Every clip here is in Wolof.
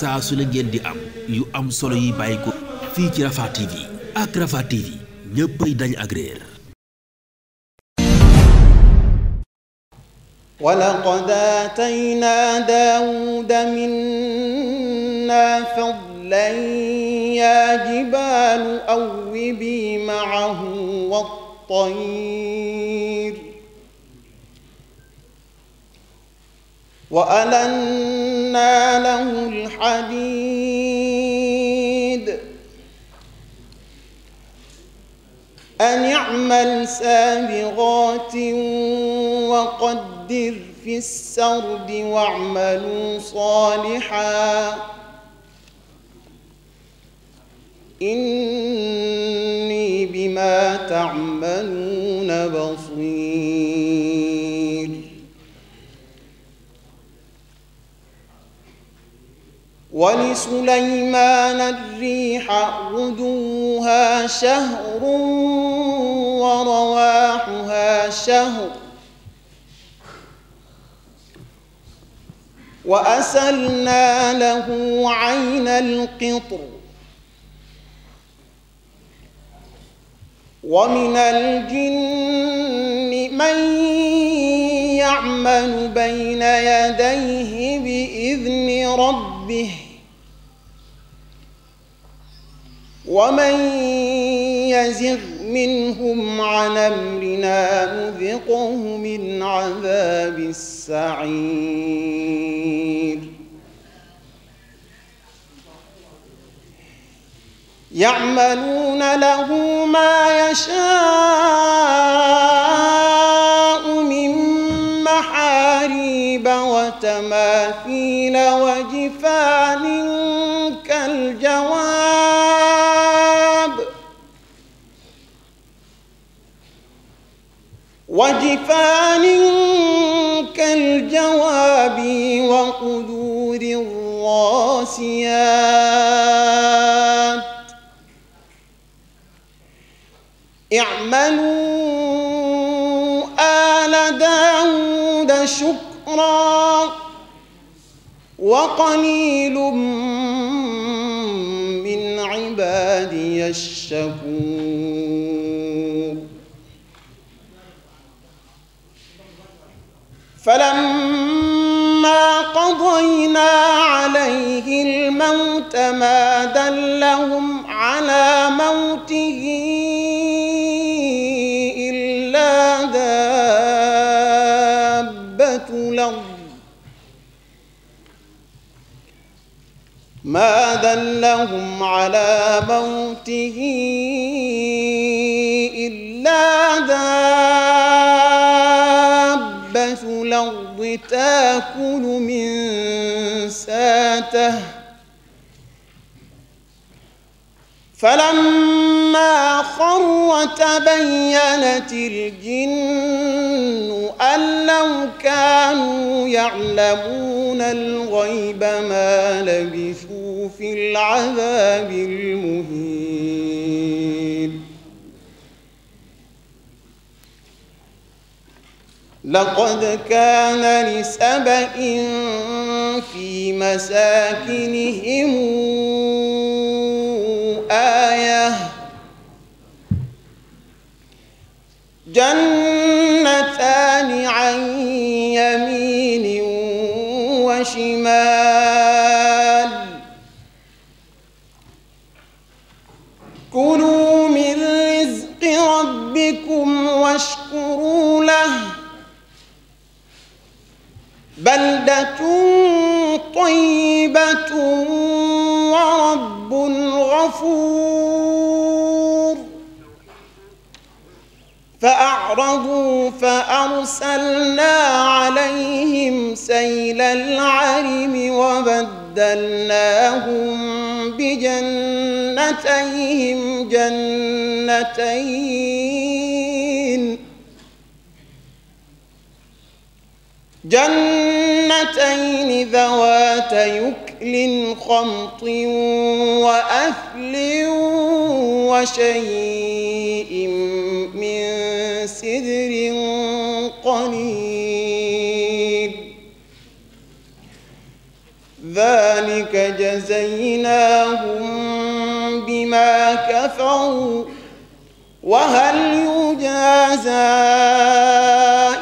saa su ne ngeen di am yu am solo yi bàyyi ko fii ci Rafah TV ak Rafah TV ñëppay dañ ak réer walaqad aataynaa daawuda minnaa fadlan yaa jibaalu awwibii ma'ahu wat-tayr wa alan وأنزلنا له الحديد أن اعمل سابغات وقدر في السرد واعملوا صالحا إني بما تعملون بصير ولسليمان الريح غدوها شهر ورواحها شهر وأسلنا له عين القطر ومن الجن من يعمل بين يديه بإذن ربه به ومن يزغ منهم عن أمرنا نذقه من عذاب السعير يعملون له ما يشاء وتماثيل وجفان كالجواب وجفان كالجواب وقدور الراسيات اعملوا آل داود شكرا وقليل من عبادي الشكور فلما قضينا عليه الموت ما دلهم على موته ما دلهم على موته إلا دابة الأرض تأكل من ساته فلما خر تبينت الجن أن لو كانوا يعلمون الغيب ما لبثوا في العذاب المهين لقد كان لسبأ في مساكنهم آية جنتان عن يمين وشمال كلوا من رزق ربكم واشكروا له بلدة طيبة ورب غفور فأعرضوا فأرسلنا عليهم سيل العرم وبدلناهم بجنتيهم جنتين جنتين ذوات يكل خمط وأثل وشيء سدر قليل ذلك جزيناهم بما كفروا وهل يجازى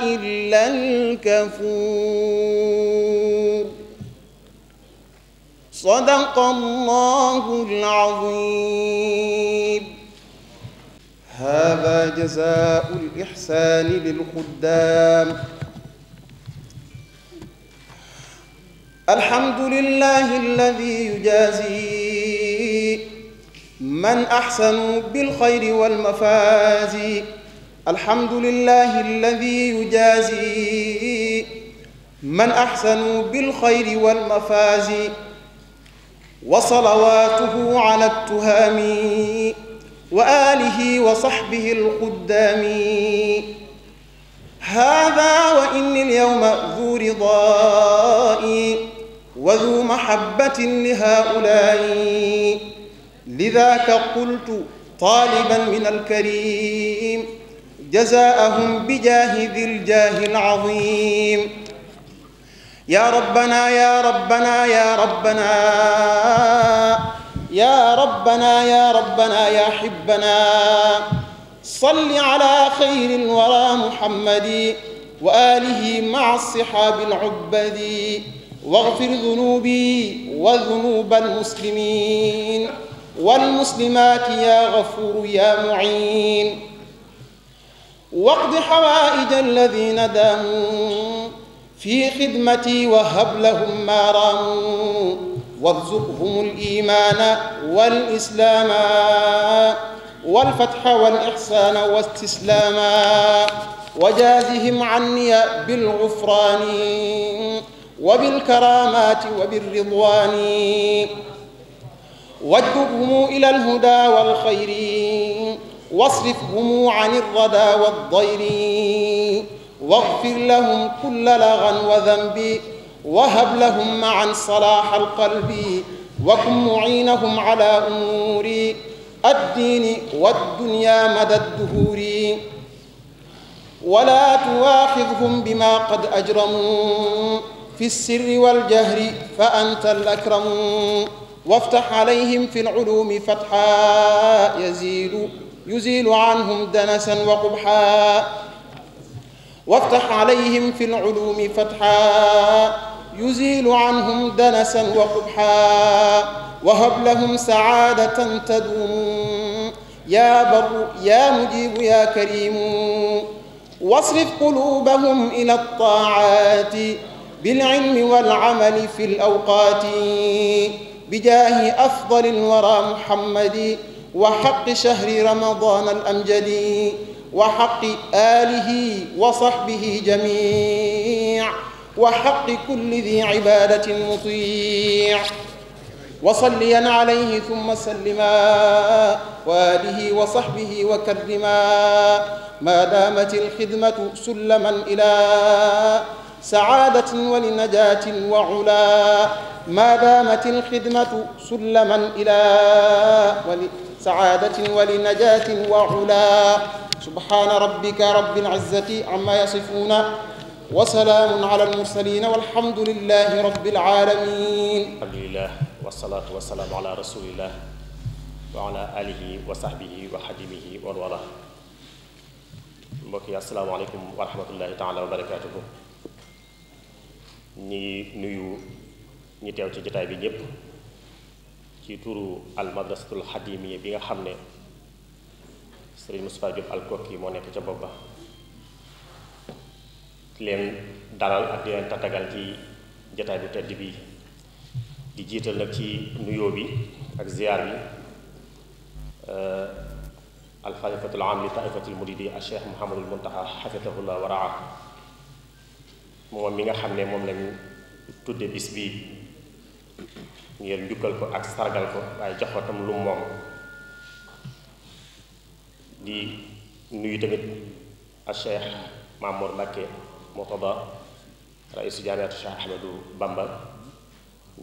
إلا الكفور صدق الله العظيم هذا جزاء الإحسان للخدام الحمد لله الذي يجازي من أحسن بالخير والمفاز الحمد لله الذي يجازي من أحسن بالخير والمفاز وصلواته على التهام wa aalihi wa saxbihi alquddaami haadaa wa inni alyawma duu ridaa'i wa duu mahabbatin li haaulaa'i lidaaka qultu taaliban min alkariim jazaa'ahum bijaahi dil jaahi alcaziim yaa rabbanaa yaa rabbanaa yaa rabbanaa يا ربنا يا ربنا يا حبنا صل على خير الورى محمد وآله مع الصحاب العبد واغفر ذنوبي وذنوب المسلمين والمسلمات يا غفور يا معين واقض حوائج الذين داموا في خدمتي وهب لهم ما راموا وارزقهم الإيمان والإسلام والفتح والإحسان واستسلاما وجازهم عني بالغفران وبالكرامات وبالرضوان واجذبهم إلى الهدى والخير واصرفهم عن الردى والضير واغفر لهم كل لغى وذنب wahab lahum maan salaah alqalbi wa kun muinahum ala umuuri addiini waddunyaa mada duhuuri wala tuwaaxidhum bima qad ajramuu fi sirri waljahri fa anta alakramu waftax alayhim fi lculuumi fatxa yaziilu yuziilu canhum danasan wa qubxa waftax alayhim fi lulumi fatxa yuzilu anhum danasan wa qubxa wa hab lahum saadatan taduumu yaa barru yaa mujibu yaa karimu wasrif qulubahum ila ltaaati bililmi walamali fi lawqaati bijaahi afdali lwara muhammadi wa xaqi shahri ramadana alamjadi وحق آله وصحبه جميع وحق كل ذي عبادة مطيع وصليا عليه ثم سلما وآله وصحبه وكرما ما دامت الخدمة سلما إلى سعادة ولنجاة وعلا ما دامت الخدمة سلما إلى سعادة ولنجاة وعلا subhaana rabbika rabbil izzati amma yasifuuna wa salaamun ala almursaliina walhamdulillahi rabbil aalamiin alhamdulillah wasalaatu wasalaamu ala rasulillah wa ala alihi wa sahbihi wa xadimihi wa wala mbokk yi asalaamaaleykum wa rahmatullahi taala wa barakaatuhu ñi nuyu ñi teew ci jotaay bi ñëpp ci turu almadrasatul xadimiya bi nga xam ne sëriñ Moustapha Diop Alkoki moo nekk ca bopp leen dalal ak di leen tatagal ci jataay bu tedd bi di jiital nag ci nuyoo bi ak ziar bi euh, alxalifatul am li taifatul muridi a cheikh Mouhamadul Muntaxa xafidahullah wa raa moom mi nga xam ne moom lañ tudde bis bi ngeen njukkal ko ak sargal ko waaye jox ko tam lu moom di nuyu tamit a cheikh Mamour Mbacke Mourtada raisu jaamiatu Cheikh Ahmadou Bamba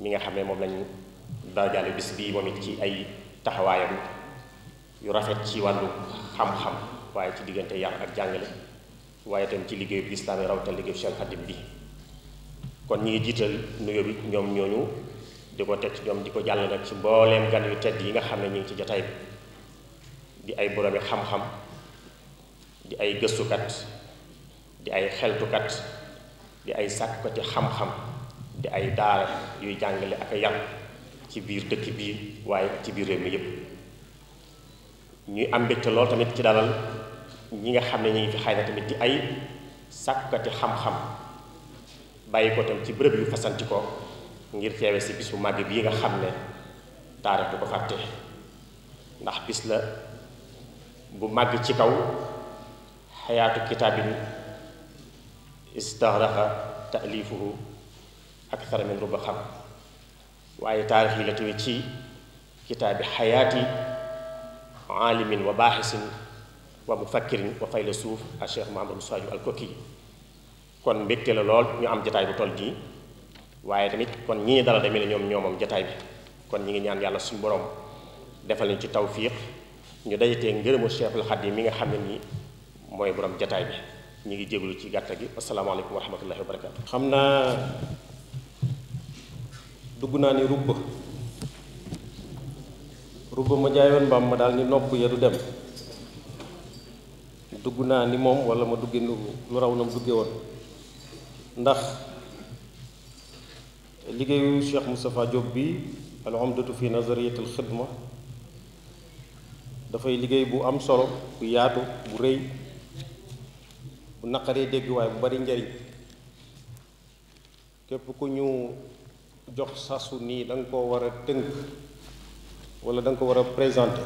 mi nga xam ne moom lañu daajaale bis bii moom it ci ay taxawaayam yu rafet ci wàllu xam-xam waaye ci diggante yar ak jàngale waaye tam ci liggéeyu lislaam yi rawatina liggéeyu Cheikh Xadim bi kon ñi ngi jiital nuyoo bi ñoom ñooñu di ko teg ci ñoom di ko jàll nag ci mbooleem gan yu tedd yi nga xam ne ñu ci jotaay bi di ay boromi xam-xam di ay gëstukat di ay xeltukat di ay sàkkukati xam-xam di ay daara yuy jàngale ak yar ci biir dëkk bii waaye ci biir réew mi yépp ñuy am mbégte lool tamit ci dalal ñi nga xam ne ñu ngi fi xay na tamit di ay sàkkukati xam-xam bàyyi ko tam ci bërëb yu fasanti ko ngir teewe si bis màgg bi nga xam ne taarix du ko fàtte ndax bis la bu màgg ci kaw xayaatu kitaabin istahraqa taalifuhu akthara min ruba xam waaye taarix yi la tuwe ci kitaabi xayaati aalimin wa baaxisin wa mufakkirin wa faylasuuf a cheikh mahamadou sadio al koki kon mbégte la lool ñu am jataay bu toll jii waaye tamit kon ñi ñi dala demee ne ñoom ñoomam jataay bi kon ñi ngi ñaan yàlla suñu borom defal nañ ci tawfiq ñu dajatee ngërëmu Cheikhul Xadim mi nga xam ne nii mooy borom jataay bi ñu ngi jéglu ci gàtta gi asalaamaaleykum wa rahmatullahi wa barakaatu xam naa dugg naa ni rubb rubba ma jaayoon mbaam ma daal ni nopp ya du dem dugg naa ni moom wala ma dugge lu raw na mu dugge woon ndax liggéeyu Cheikh Moustapha Diop bi al umdatu fi nazariyatil xidma dafay liggéey bu am solo bu yaatu bu rëy bu naqaree dégg waaye bu bari njariñ képp ku ñu jox sasu nii da nga ko war a tënk wala da ko war a présenté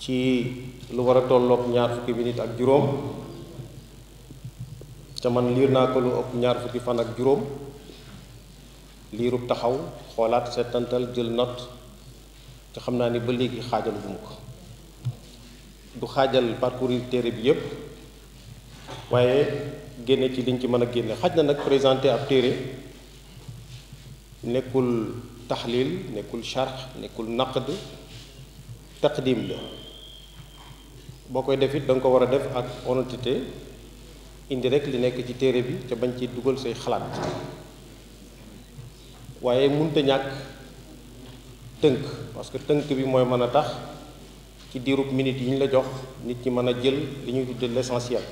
ci lu war a tolloog ñaar fukki minute ak juróom te liir naa ko lu ëpp ñaar fukki fan ak juróom liirub taxaw xoolaat seetantal jël note te xam naa ni ba léegi xaajal bu mu ko du xaajal parcourir téere bi yépp waaye génne ci liñ ci mën a génne xaj na nag présenté ak téere nekkul taxlil nekkul charx nekkul naqad taqdim la boo koy def it da ko war a def ak honnêteté indi rek li nekk ci téere bi te bañ ci dugal say xalaat waaye mënta ñàkk tënk parce que tënk bi mooy mën a tax ci diirub minutes yi ñu la jox nit ñi mën a jël li ñuy tuddee l'essentiel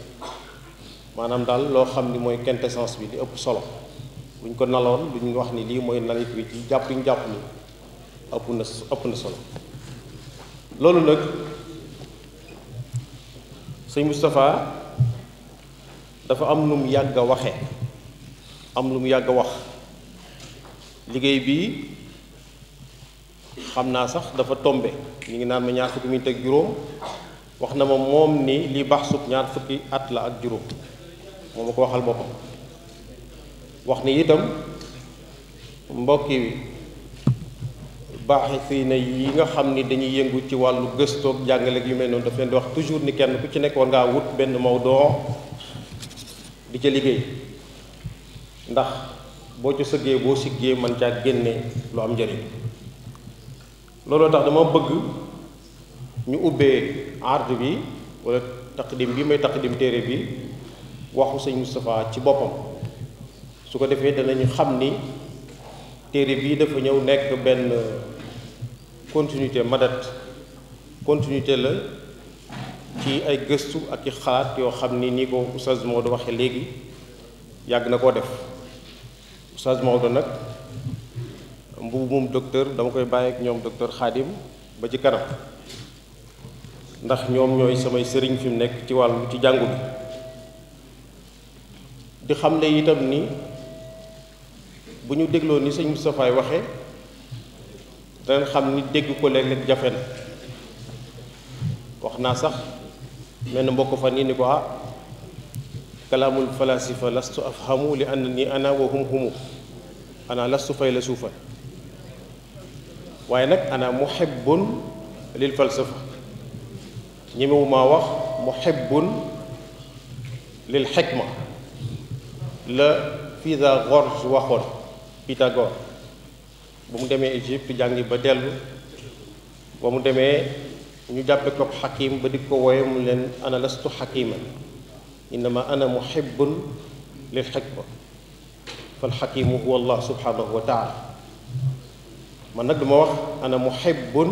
maanaam daal loo xam ni mooy quintessence bi di ëpp solo buñ ko naloon lu ñu wax ni lii mooy nalit bi ci jàpp ñu jàpp ni ëpp na ëpp na solo loolu nag sëñ Moustapha dafa am lu mu yàgg waxee am lu mu yàgg a wax liggéey bi xam naa sax dafa tombe ñu ngi naan ma ñaar fukki minute ak juróom wax na ma moom ni li baax sub ñaar fukki at la ak juróom moom ma ko waxal boppam wax ni itam mbokki wi baaxi si na yi nga xam ni dañuy yëngu ci wàllu gëstoog jàngale ak yu mel noonu daf leen di wax toujours ni kenn ku ci nekkoon war ngaa wut benn mawdoo di ca liggéey ndax boo ca sëggee boo siggee man caa génne lu am njëriñ looloo tax dama bëgg ñu ubbee ard bi wala taqdim bi may taqdim téere bi waxu sañu Moustapha ci boppam su ko defee dinañu xam ni téere bii dafa ñëw nekk benn continuité madat continuité la ci ay gëstu ak i xalaat yoo xam ni ni ko Oustaz Maodo waxee léegi yàgg na koo def Oustaz Maodo nag mbubu moom docteur dama koy bàyyi ñoom docteur Khadim ba ci kanam ndax ñoom ñooy samay sëriñ fi mu nekk ci wàllu ci jàngu bi di xamle itam ni bu ñu dégloo ni sëñ Moustapha waxe danañ xam ni dégg ko léeg jafe na wax naa sax mel na mbokk fa yi ni ko ah kalaamul falasifa lastu afhamu li anna ni ana wa hum humu ana lastu fay la suufa waaye nag ana muhibbun lil falsafa ñemewumaa wax muhibbun lil xikma la Pythagore waxoon Pythagore ba mu demee Égypte jàngi ba dellu ba mu demee ñu jàppe ko xakim ba di ko wooye mu leen ana lastu xakiman innama ana muhibbun lil xikma fal xakimu huwa allah subhanahu wa taala man nag du ma wax ana muhibbun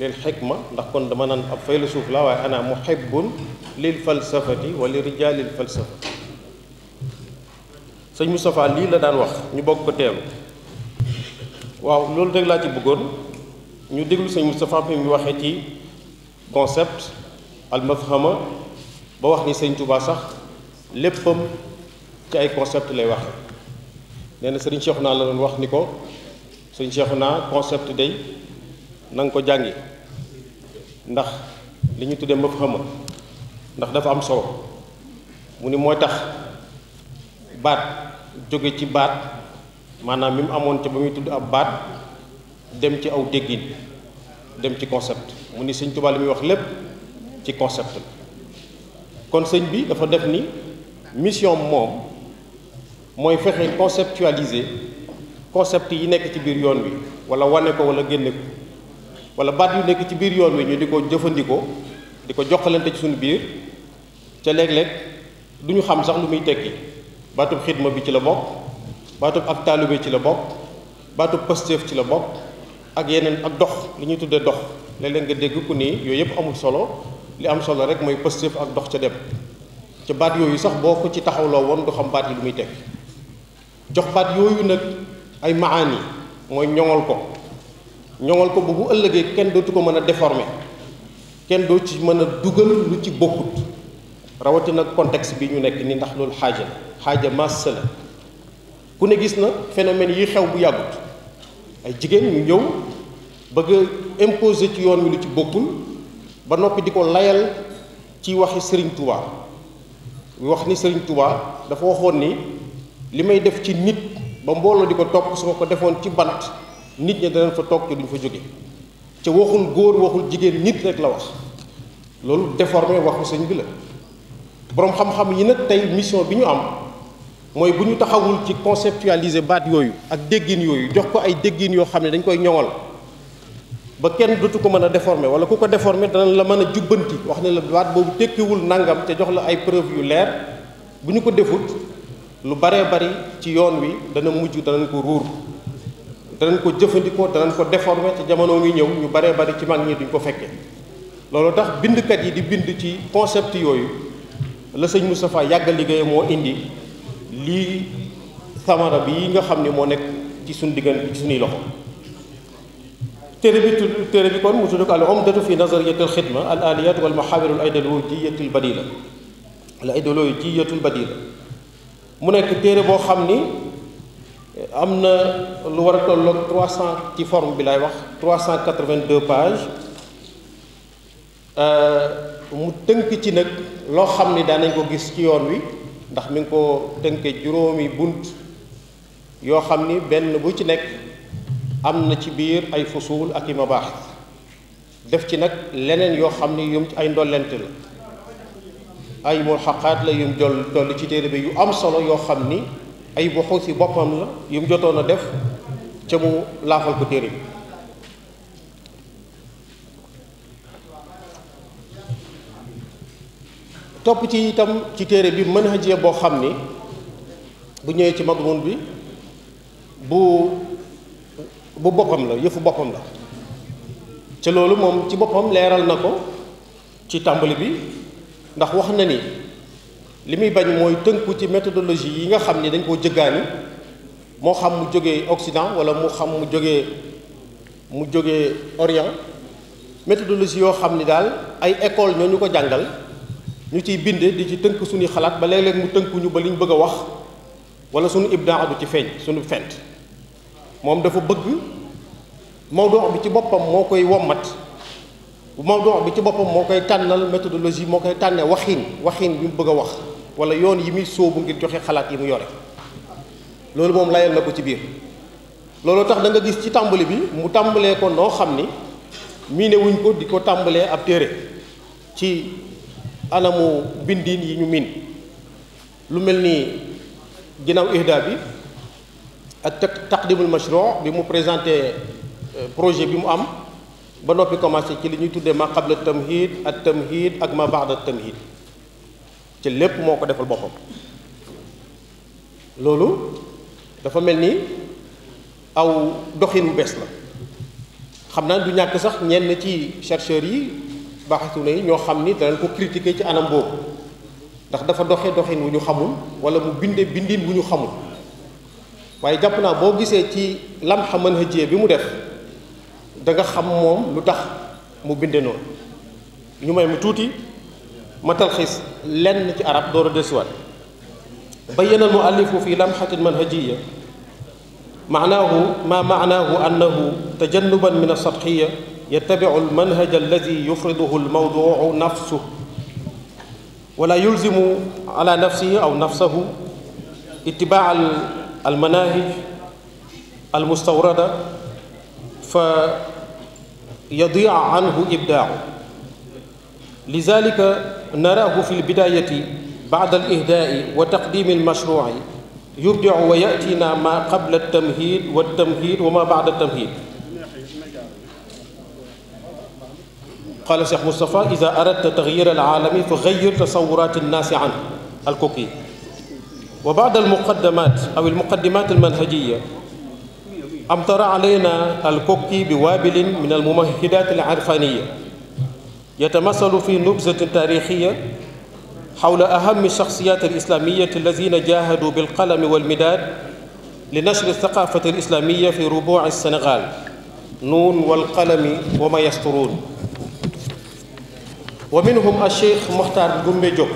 lil xikma ndax kon dama naan ab faylasuuf la waaye ana muhibbun lil falsafati wa li rijaalil falsafa sëñ Moustapha lii la daan wax ñu bokk ko teelu waaw loolu rek laa bëggoon ñu déglu sëñ Moustapha bi mu waxee ci concept al mafhama ba wax ni sëñ Touba sax léppam ci ay concept lay waxe nee na sëriñ Cheikh naa la doon wax ni ko sëñ naa concept day na nga ko jàngi ndax li ñu tuddee mëf xama ndax dafa am solo mu ni mooy tax baat jóge ci baat maanaam mi mu amoon ca ba muy tudd ab baat dem ci aw déggin dem ci concept mu ni sëñ Tuubaa li muy wax lépp ci concept la kon sëñ bi dafa def ni mission moom mooy fexe conceptualiser concept yi nekk ci biir yoon wi wala wane ko wala génne ko wala baat yu nekk ci biir yoon wi ñu di ko jëfandikoo di ko joxalante ci suñu biir ca léeg-léeg du ñu xam sax lu muy tekki baatub xidma bi ci la bokk baatub ak taalibe ci la bokk baatub pësteef ci la bokk ak yeneen ak dox li ñuy tuddee dox léeg-léeg nga dégg ku nii yooyu yëpp amul solo li am solo rek mooy pësteef ak dox ca dem ca baat yooyu sax boo ko ci taxawloo woon du xam baat yi lu muy tekki jox baat yooyu nag ay maani mooy ñoŋal ko ñoŋal ko bu bu ëllëgee kenn dootu ko mën a déformer kenn doo ci mën a dugal lu ci bokkut rawatina contexte bi ñu nekk ni ndax loolu xaaja la xaaja masse ku ne gis na phénomène yi xew bu yàggut ay jigéen ñu ñëw bëgg a ci yoon wi lu ci bokkul ba noppi di ko layal ci waxi Serigne Touba wax ni sëriñ Touba dafa waxoon ni li may def ci nit ba mbooloo di ko topp su ma ko defoon ci bant nit ñi danañ fa toog te duñ fa jóge ca waxul góor waxul jigéen nit rek la wax loolu déformé waxu sëñ bi la boroom xam-xam yi nag tey mission bi ñu am mooy bu ñu taxawul ci conceptualiser baat yooyu ak déggin yooyu jox ko ay déggin yoo xam ne dañ koy ñoŋal ba kenn dootu ko mën a déformer wala ku ko déformer dana la mën a jubbanti wax ne la baat boobu tekkiwul nangam te jox la ay preuve yu leer bu ñu ko defut lu baree bari ci yoon wi dana mujj danañ ko ruur danañ ko jëfandikoo danañ ko déformer ci jamono ngi ñëw ñu baree bari ci mag ñi duñ ko fekkee loolu tax bindkat yi di bind ci concept yooyu la sëñ Moustapha yàgg liggéey moo indi lii samara bi yi nga xam ni moo nekk ci suñ diggante ci suñuy loxo téere bi tudd téere bi kon mu tudd ko al umdatu fi nazariyat al xidma al aliyat wal mahawir al idéologiyatul badila al idéologiyatul badila mu nekk téere boo xam ni eh, am na lu war a tolloog trois cent ci forme bi lay wax trois cent quatre-vingt-deux pages euh, mu tënk ci nag loo xam ni daanañ ko gis ci yoon wi ndax mi ngi ko tënke juróomi bunt yoo xam ni benn bu ci nekk am na ci biir ay fusul ak i baax def ci nag leneen yoo xam ni yum ci ay ndollent la ay mulxaqaat la yum jol dolli ci téere bi yu am solo yoo xam ni ay buxuus ci boppam la yum jotoon a def ca mu laafal ko téere bi topp ci itam ci téere bi mën manhajiyya boo xam ni bu ñëwee ci madmun bi bu bu boppam la yëfu boppam la ca loolu moom ci boppam leeral na ko ci tàmbali bi ndax wax na ni li muy bañ mooy tënku ci méthodologie yi nga xam ni dañ koo jëggaani moo xam mu jóge Occident wala mu xam mu jógee mu jóge Orient méthodologie yoo xam ni daal ay école ñoo ñu ko jàngal ñu ciy bindee di ci tënk suñuy xalaat ba léeg-léeg mu tënkuñu ba li bëgg a wax wala suñu ibdaa du ci feeñ suñu fent moom dafa bëgg mawduu bi ci boppam moo koy wommat bu mawduu bi ci boppam moo koy tànnal méthodologie moo koy tànnee waxin waxin bi mu bëgg a wax wala yoon yi muy sóobu ngir joxe xalaat yi mu yore loolu moom layal na ko ci biir loolu tax da nga gis ci tàmbali bi mu tàmbalee ko noo xam ni miine wuñ ko di ko tàmbalee ab téere ci anamu bindin yi ñu miin lu mel ni ginnaaw ihda bi ak taqdimul mashru bi mu présenté euh, projet bi mu am ba noppi commencé ci li ñuy tuddee ma qabla tamhid at tamhid ak ma baada tamhid ci lépp moo ko defal boppam loolu dafa mel ni aw doxin bu bees la xam naa du ñàkk sax ñenn ci chercheurs yi baaxatu na yi ñoo xam ni danañ ko critiquer ci anam boobu ndax dafa doxe doxin wu ñu xamul wala mu bindee bindin wu ñu xamul waaye jàpp naa boo gisee ci lam xaman hëjee bi mu def da nga xam moom lu tax mu binde noonu ñu may mu tuuti ma talxiis lenn ci arab door a desuwaat bayyana al muallifu fi lamxatin manhajiya maanaahu maa maanaahu annahu tajannuban min alsadxiya yattabicu almanhaj alladi yufriduhu almawducu nafsuh wala yulzimu ala nafsihi aw nafsahu ittibaa almanahij almustawrada فيضيع عنه إبداعه لذلك نراه في البداية بعد الإهداء وتقديم المشروع يبدع ويأتينا ما قبل التمهيد والتمهيد وما بعد التمهيد قال الشيخ مصطفى إذا أردت تغيير العالم فغير تصورات الناس عنه الكوكي وبعد المقدمات أو المقدمات المنهجية أمطر علينا الكوكي بوابل من الممهدات العرفانية يتمثل في نبذة تاريخية حول أهم الشخصيات الإسلامية الذين جاهدوا بالقلم والمداد لنشر الثقافة الإسلامية في ربوع السنغال نون والقلم وما يسترون ومنهم الشيخ مختار جمبي جوك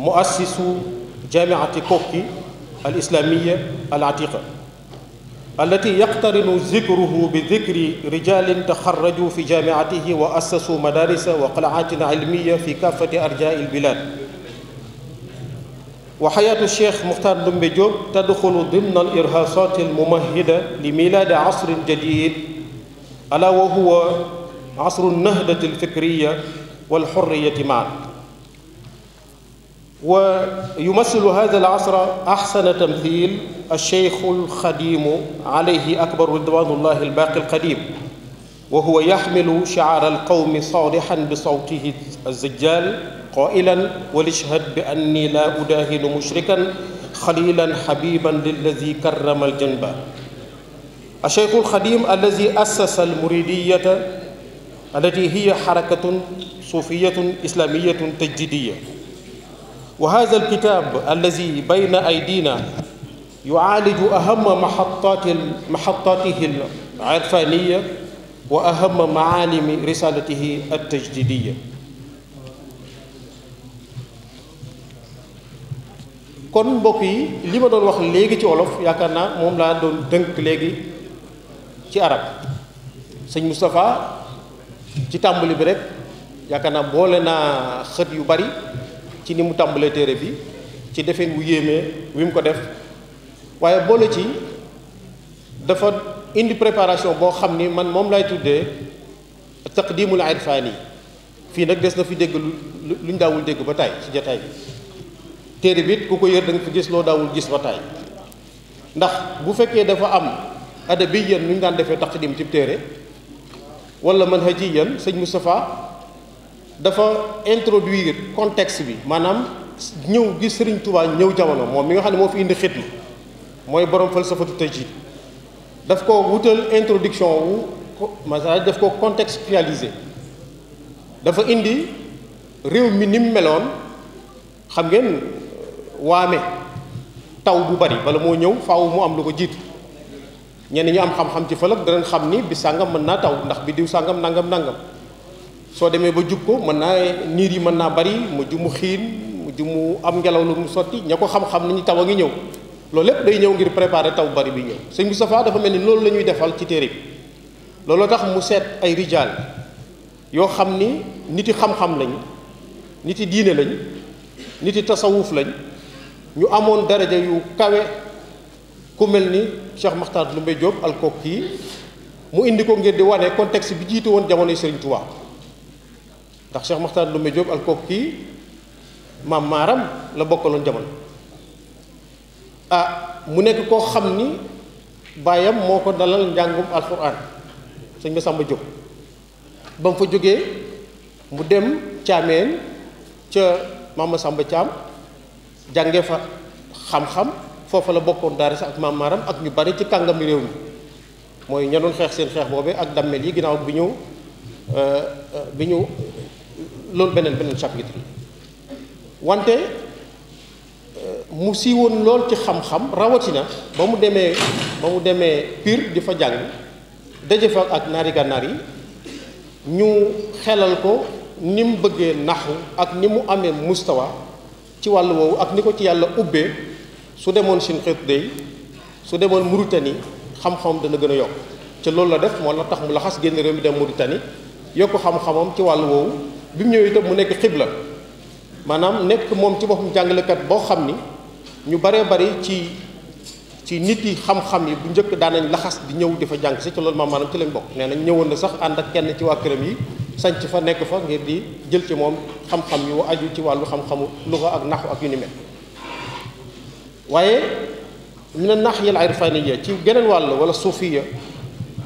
مؤسس جامعة كوكي الإسلامية العتيقة التي يقترن ذكره بذكر رجال تخرجوا في جامعته وأسسوا مدارس وقلعات علمية في كافة أرجاء البلاد وحياة الشيخ مختار دمبجو تدخل ضمن الإرهاصات الممهدة لميلاد عصر جديد ألا وهو عصر النهضة الفكرية والحرية معا ويمثل هذا العصر أحسن تمثيل alcheyxu alxadimu alayhi akbaru ridwanullahi albaaqi alqadim wa huwa yaxmilu shicaara alqawmi saadixan bi sawtihi alzajjal qailan walishhad bi anni laa udaahinu mushrikan xalilan xabiban lillazi karrama aljanba alcheyxu alxadim allazi assasa almuridiyata allati hiya xarakatun suufiyatun islamiyatun tajdidiya wa haza alkitab allazi bayna aydina يعالج أهم محطات محطاته العرفانية وأهم معالم رسالته التجديدية kon mbokk yi li ma doon wax léegi ci wolof yaakaar naa moom laa doon dënk léegi ci arab sëñ Moustapha ci tàmbali bi rek yaakaar naa boole naa xët yu bari ci ni mu tàmbalee téere bi ci defin mu yéeme wi mu ko def waaye boole ci dafa indi préparation boo xam ni man moom laay tuddee taqdimul irfaani fii nag des na fi dégg lu luñ daawul dégg ba tey ci jataay bi téere bi ku ko yër da nga fi gis loo daawul gis ba tey ndax bu fekkee dafa am adabiyan lu ñu daan defee taqdim ci téere wala manhajiyan sëñ Moustapha dafa introduire contexte bi maanaam ñëw gi Sëriñ Tuubaa ñëw jamono moom mi nga xam ne moo fi indi xit mooy sa borom falsafatu tajdiid daf ko wutal introduction wu Massâdj daf ko contextualiser dafa indi réew mi ni mu meloon xam ngeen waame taw bu bari bala moo ñëw faaw mu am lu ko jiitu ñenn ñu am xam-xam ci falak danañ xam ni bi sàngam mën naa taw ndax bi diw sàngam nangam nangam soo demee ba jub ko mën naa niir yi mën naa bari mu ju mu xiin mu ju mu am ngelaw lu mu sotti ña ko xam-xam nañu taw a ngi ñëw loolu lépp day ñëw ngir préparer taw bari bi ñëw sëñ Moustapha dafa mel ni loolu lañuy ñuy defal ci téere bi looloo tax mu seet ay rijaal yoo xam ni niti xam-xam lañ niti diine lañ niti tasawuf lañ ñu amoon daraja yu kawe ku mel ni Cheikh Makhtar Ndoumbe Diop kii mu indi ko ngir di wane contexte bi jiitu woon jamonoy Serigne Touba ndax Cheikh Makhtar Ndoumbe Diop Alkoki maam maaram la bokkaloon jamono. ah mu nekk koo xam ni baayam moo ko dalal njàngum alxuraan sëñ ma sàmba jóg ba mu fa jógee mu dem caameen ca maama sàmba caam jànge fa xam-xam foofa la bokkoon daara sa ak maam ak ñu bari ci kàngami réew mi mooy ña xeex seen xeex boobee ak dammel yi ginnaaw bi ñu euh, euh, bi ñu loolu beneen beneen chapitre wante mu siiwoon lool ci xam-xam rawatina ba mu demee ba mu demee Pire di fa jàng daje fa ak naari gànnaar yi ñu xelal ko ni mu bëggee naxu ak ni mu amee mustawa ci wàll woowu ak ni ko ci yàlla ubbee su demoon sin xeet day su demoon Mauritanie xam-xamam dana gën a yokk ca loolu la def moo la tax mu laxas génn réew mi dem Mauritanie yokk xam-xamam ci wàll woowu bi mu ñëwee itam mu nekk xibla maanaam nekk moom ci boppam jàngalekat boo xam ni ñu baree bari ci ci nit yi xam-xam yi bu njëkk daan laxas di ñëw di fa jàng si te loolu maam maanaam ci lañ bokk nee nañ ñëwoon na sax ànd ak kenn ci waa këram yi sanc fa nekk fa ngir di jël ci moom xam-xam yu aju ci wàllu xam-xamu luga ak naxu ak yu ni mel waaye mina naxyal irfaniya ci geneen wàll wala suufiya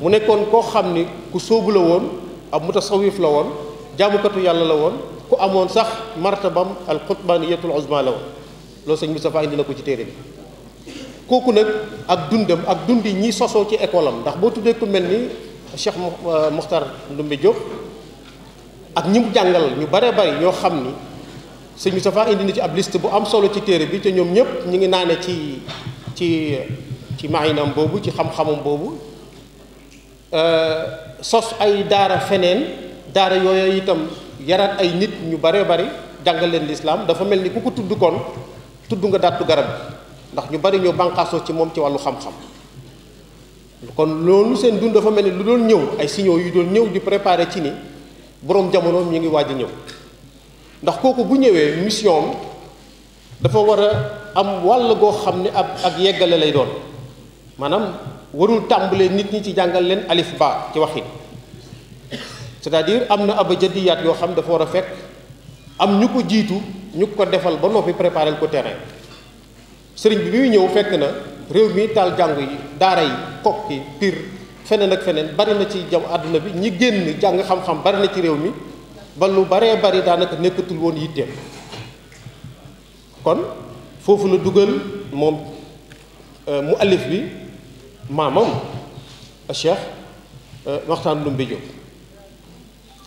mu nekkoon koo xam ni ku soobu la woon ab mutasawif la woon jaamukatu yàlla la woon ku amoon sax martabam al qutbaniyatul uzma la loolu sëñ Moustapha indi na ko ci téere bi kooku nag ak dundam ak dundi ñi sosoo ci école am ndax boo tuddee ku mel ni Cheikh euh, Mokhtar Ndoumbe Diop ak ñi mu ñu bare bari ñoo xam ni sëñ Moustapha indi na ci ab liste bu am solo ci téere bi te ñoom ñëpp ñu ngi naane ci ci ci maayinam boobu ci xam-xamam boobu euh, sos ay daara feneen daara yooyu itam yaraat ay nit ñu bare bari jàngal leen lislaam dafa mel ni ku ko tudd koon tudd nga dàttu garab bi ndax ñu bari ñëw bànqaasoo ci moom ci wàllu xam-xam kon loolu seen dund dafa mel ni lu doon ñëw ay signaux yu doon ñëw di préparer ci ni boroom jamono ñu ngi waaj a ñëw ndax kooku bu ñëwee mission dafa war a am wàll goo xam ne ab ak yeggale lay doon maanaam warul tàmbalee nit ñi ci jàngal leen alif ba ci waxin c'est-à-dire am na abajadiyaat yoo xam dafa war a fekk am ñu ko jiitu ñu ko defal ba noppi préparé ko terrain sëriñ bi bi ñëw fekk na réew mi taal jàngu yi daara yi kokk yi piir feneen ak feneen bari na ci jam àdduna bi ñi génn jàng xam-xam bari na ci réew mi ba lu baree bari daanaka nekkatul woon yitteem kon foofu la dugal moom euh, mu alif bi maamam Cheikh euh, Maxtaar Ndumbe Jóob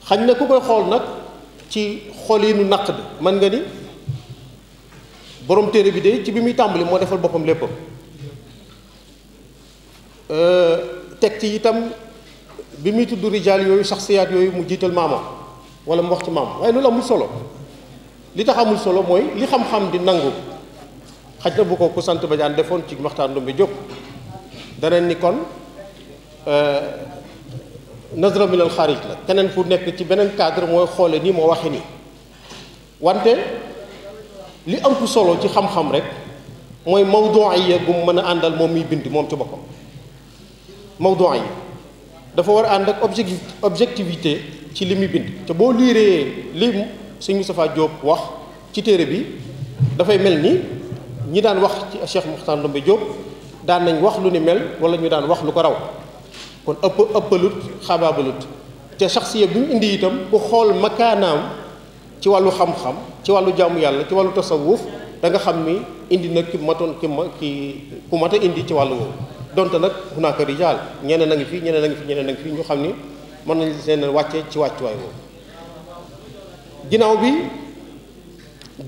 xañ na ku koy xool nag ci xoliinu naq bi man nga ni borom téere bi de ci bi muy tàmbali moo defal boppam léppam euh, teg ci itam bi muy tudd rijaal yooyu saxsiyaat yooyu mu jiital maamam wala mu wax ci maamam waaye loolu amul solo li tax amul solo mooy li xam-xam di nangu xaj na bu ko ku sant ba jaan defoon ci waxtaan bi jóg danañ ni kon euh, nazra minal xaarij la keneen ku nekk ci beneen cadre mooy xoole nii moo waxe nii wante li ëmp solo ci xam-xam rek mooy mawdu'iyya gu mën a àndal moom muy bind moom ci boppam mawdu'iyya dafa war a ànd ak objectif objectivité ci li muy bind te boo liiree li sëñ Moustapha Diop wax ci téere bi dafay mel ni ñi daan wax ci Cheikh Mokhtar Ndombe Diop daan nañ wax lu ni mel wala ñu daan wax lu ko raw kon ëpp ëppalut xabaabalut te saxsiya bi mu indi itam ku xool makaanaam ci wàllu xam-xam ci wàllu jaamu yàlla ci wàllu tasawuf da nga xam ni indi na ki matoon ki ma ki ku mat a indi ci wàllu woowu donte nag hunaaka rijaal ñeneen a ngi fii ñeneen a ngi fi ñeneen a ngi fi ñu xam ni mën nañ leen wàcce ci wàccuwaay woowu ginnaaw bi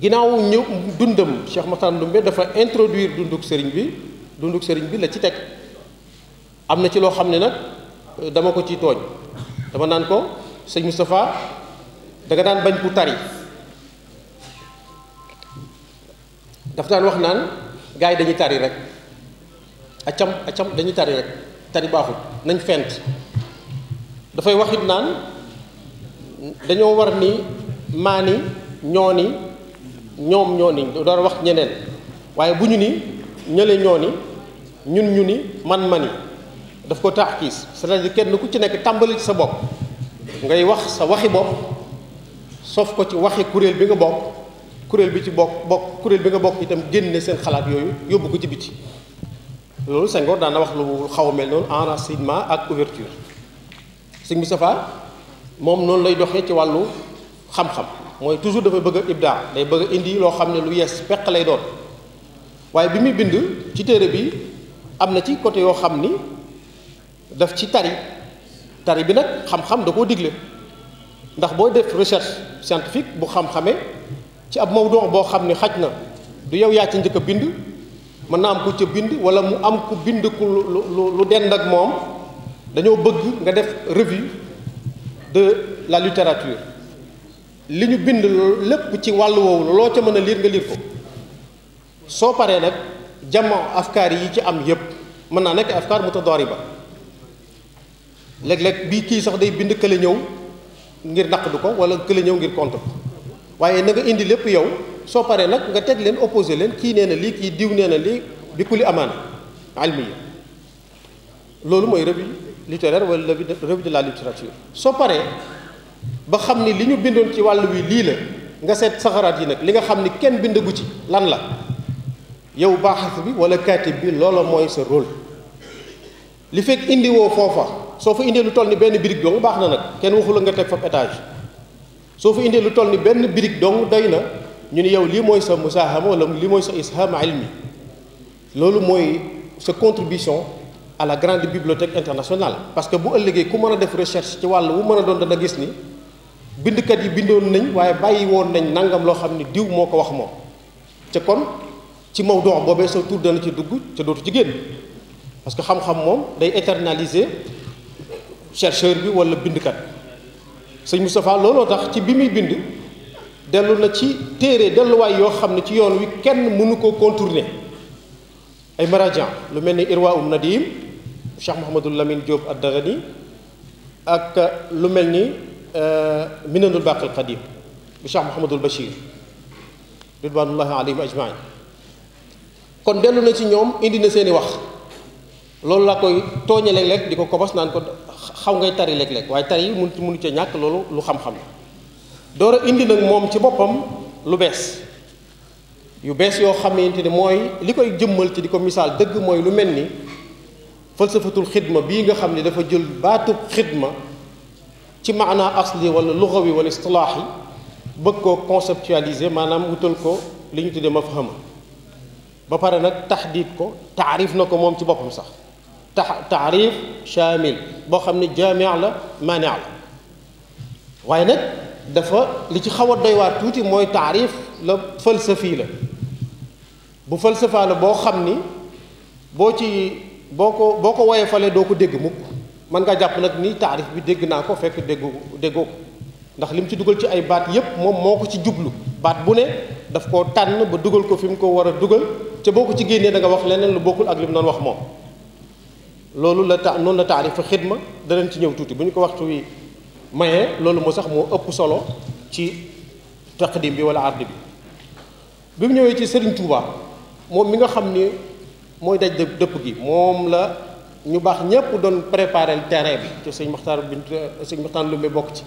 ginnaaw ñëw dundam Cheikh Makhtar Ndoumbe dafa introduire dunduk sëriñ bi dunduk sëriñ bi la ci teg am na ci loo xam ne nag euh, dama ko ciy tooñ dama naan ko sëñ Moustapha danga nga daan bañ ku tari daf daan wax naan gars yi dañuy tari rek acam acam dañuy tari rek tari baaxul nañ fent dafay waxit naan dañoo war ni maani ñoo ni ñoom ñoo ni wax ñeneen waaye bu ñu ni ñële ñoo ni ñun ñu ni man ma daf ko taax kiis cest à kenn ku ci nekk tàmbali ci sa bopp ngay wax sa waxi bopp sof ko ci waxi kuréel bi nga bokk kuréel bi ci bokk bokk kuréel bi nga bokk itam génne seen xalaat yooyu yóbbu ko ci biti loolu Senghor daan na wax lu xaw a mel noonu enracinement ak ouverture Sëñ Moustapha moom noonu lay doxe ci wàllu xam-xam mooy toujours dafa bëgg a ibdaa day bëgg indi loo xam ne lu yees peq lay doon waaye bi muy bind ci téere bi am na ci côté yoo xam ni def ci tari tari bi nag xam-xam da koo digle ndax boo def recherche scientifique bu xam-xamee ci ab mawduu boo xam ne xaj na du yow yaa ci njëkk a bind mën naa am ku ca bind wala mu am ku bind ku lu lu dend ak moom dañoo bëgg nga def revue de la littérature li ñu bind lépp ci wàll woowu loo ca mën a liir nga liir ko soo paree nag jamono afkaar yi ci am yépp mën naa nekk afkaar ba léeg-léeg bii kii sax day bind kële ñëw ngir naqdu ko wala kële ñëw ngir contre ko waaye na indi lépp yow soo paree nag nga teg leen opposé leen kii nee na lii kii diw nee na lii bi ku li amaana almiya loolu mooy revue littéraire wala revue de la littérature soo paree ba xam ni li ñu bindoon ci wàll wi lii la nga seet saxaraat yi nag li nga xam ni kenn bindagu ci lan la yow baaxas bi wala kaatib bi loola mooy sa rôle li fekk indiwoo foofa soo fa indee lu toll ni benn birig dong baax na nag kenn waxula la nga teg fa étage soo fa indee lu toll ni benn birig dong doy na ñu ne yow lii mooy sa musaahama wala li mooy sa a ilmi loolu mooy sa contribution à la grande bibliothèque internationale parce que bu ëllëgee ku mën a def recherche ci wàll wu mën a doon dana gis ni bindkat yi bindoon nañ waaye bàyyi woon nañ nangam loo xam ne diw moo ko wax moom te kon ci mawduu boobee sa tur dana ci dugg te dootu ci parce que xam moom day éternaliser chercheur bi wala bindkat sëñ Moustapha looloo tax ci bi muy bind dellu na ci téere delluwaay yoo xam ne ci yoon wi kenn mënu ko contourner ay marajan lu mel ni Irwa um Nadim Cheikh Mouhamadul Lamine Diop ad-Darani ak euh, lu mel ni euh, Minanul Baqil Qadim bu Cheikh Mouhamadul Bachir ridwanullahi alayhim kon dellu na ci ñoom indi na seeni wax loolu laa koy tooñe léeg di ko kobos naan ko xaw ngay tari lekk léeg waaye tari mun mun munu ca ñàkk loolu lu xam-xam la door a indi nag moom ci boppam lu bees yu bees yoo xamante ni mooy li koy jëmmal ci di ko misaal dëgg mooy lu mel ni falsafatul xidma bii nga xam ni dafa jël baatub xidma ci maanaa asli wala luxawi wala istilaahi bëgg koo conceptualiser maanaam wutal ko li ñu tuddee mafhama ba pare nag taxdiid ko taarif na ko moom ci boppam sax taarif chamil boo xam ne jaamia la maanaa la waaye nag dafa li ci xaw a doy tuuti mooy taarif la falsafi la bu falsafa la boo xam ni boo ci boo ko boo ko woyee fale doo ko dégg mukk mën ngaa jàpp nag ni taarif bi dégg naa ko fekk déggu déggoo ko ndax li mu ci dugal ci ay baat yépp moom moo ko ci jublu baat bu ne daf koo tànn ba dugal ko fi mu ko war a dugal te boo ko ci génnee da nga wax leneen lu bokkul ak li mu doon wax moom loolu la taa noonu la taarifa xidma danañ ci ñëw tuuti bu ñu ko waxtu wi mayee loolu moo sax moo ëpp solo ci taqdim bi wala ard bi bi mu ñëwee ci Serigne Touba moom mi nga xam ni mooy daj dëpp gi moom la ñu baax ñépp doon préparer le terrain bi te sëñ Maxtaar bi sëñ Maxtaar Lumbe bokk ci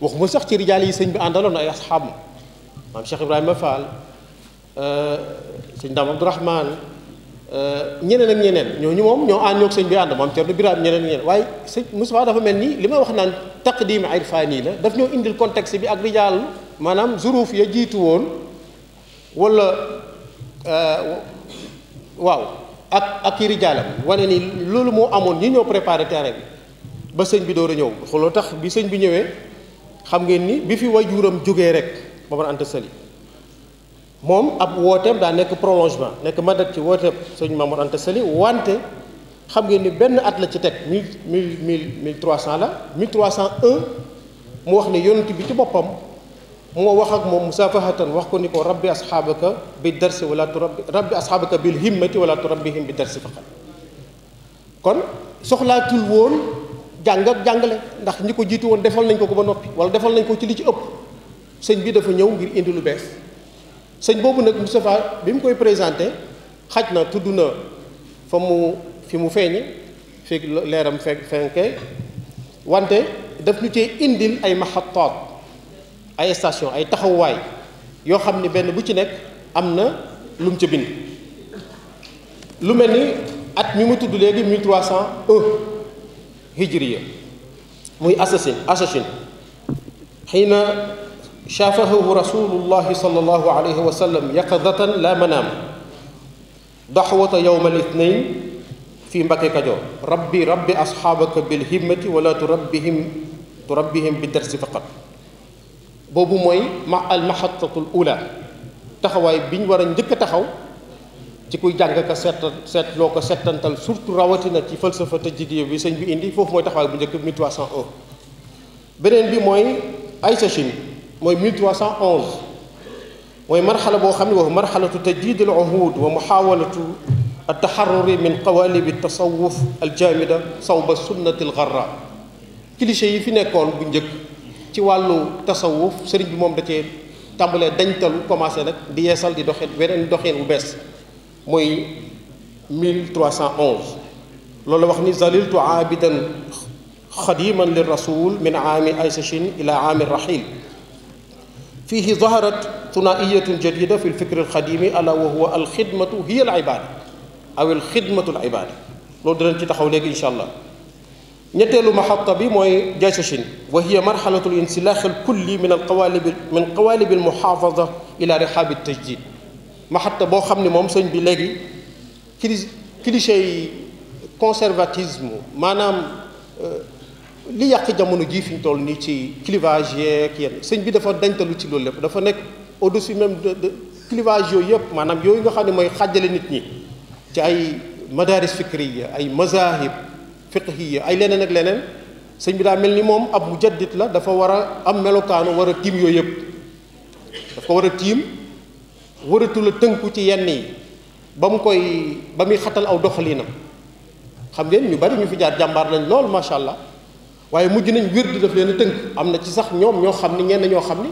waxuma sax ci rijaal yi sëñ bi àndaloon ay asxaab maam Cheikh Ibrahima Fall euh, sëñ Dame Abdourahmane Euh, ñeneen ak ñeneen ñooñu moom ñoo ànd ñoo sëñ bi ànd moom Thierno Birame ñeneen ak ñeneen waaye sëñ Moustapha dafa mel ni li may wax naan taqdim irfani la daf ñoo indil contexte bi ak rijaal maanaam zuruuf ya jiitu woon wala euh, waaw ak ak i rijaalam wane ni loolu moo amoon ñi ñoo préparé terrain bi ba sëñ bi door a ñëw xooloo tax bi sëñ bi ñëwee xam ngeen ni bi fi wajuuram jógee rek Mame Mor Anta Sali moom ab wooteem daa nekk prolongement nekk madat ci wooteem sëñ Mamour Anta Sali wante xam ngeen ni benn at la ci teg mille mille mil mille trois cent la mille trois cent mu wax ne yonent bi ci boppam moo wax ak moom musafahatan wax ko ni ko rabbi asxaabaka bi darsi wala tu rabbi rabbi asxaabaka bil himmati wala tu rabbihim bi darsi faqat kon soxlaatul woon jàng jàngale ndax ñi ko jiitu woon defal nañ ko ko ba noppi wala defal nañ ko ci li ci ëpp sëñ bi dafa ñëw ngir indi lu bees sëñ boobu nag Moustapha bi mu koy présenté xaj na tudd na fa mu fi mu feeñe fi leeram fe fenke wante daf ñu ci indil ay maxataat ay station ay taxawaay yoo xam ni benn bu ci nekk am na lu ci bind lu mel ni at mi mu tudd léegi 1301 hijriya muy assasin assasine xëy شافهه رسول الله صلى الله عليه وسلم يقظة لا منام دحوة يوم الاثنين في مبكي كجو ربي ربي أصحابك بالهمة ولا تربهم تربهم بالدرس فقط بوبو موي مع المحطة الأولى تخواي بين ورا ندك تخاو ci kuy jàng ka seetal seetloo ko seetantal surtout rawatina ci falsafa tajdidiya bi sëñ bi indi foofu mooy taxawaay bu njëkk 1301 beneen bi mooy ay sachine mooy 1311 mooy marxala boo xam ne wax marxalatu tajdid al uhud wa muxawalatu altaxaruri min qawalibi tasawuf aljaamida sawba sunnati algarra cliché yi fi nekkoon bu njëkk ci wàllu tasawuf sëriñ bi moom da cee tàmbalee dañtalu commencé nag di yeesal di doxin beneen doxin bu bees mooy 1311 loolu wax ni zaliltu aabidan xadiman lirasul min aami aysachin ila aami rahil fiihi zaharat tunaa'iyatun jadida fi lfikri alxadimi ala wa huwa alxidmatu hiya alibaada aw alxidmatu alibaada loolu dinañ ci taxaw léegi incha allah ñetteelu maxata bi mooy jaysashin wa hiya marxalatu linsilaax alkulli min alqawalibi min qawalibi almuxaafada ila rixaabi tajdid maxata boo xam ne moom sëñ bi léegi cliché yi conservatisme maanaam euh, li yàq jamono jii fi ñu toll nii ci clivage yeeg yenn sëñ bi dafa dañtalu ci loolu lépp dafa nekk au-dessus même de de clivage yooyu yëpp maanaam yooyu nga xam ne mooy xàjjale nit ñi ci ay madaris fikriya ay mazahib fiqhiya ay leneen ak leneen sëñ bi daa mel ni moom ab mujaddid la dafa war a am melokaanu war a tiim yooyu yëpp daf ko war a tiim waratu la tënku ci yenn yi ba mu koy ba muy xatal aw doxalinam xam ngeen ñu bari ñu fi jaar jàmbaar lañ lool macha allah. waaye mujj nañ wird def leen a tënk am na ci sax ñoom ñoo xam ni ñenn ñoo xam ni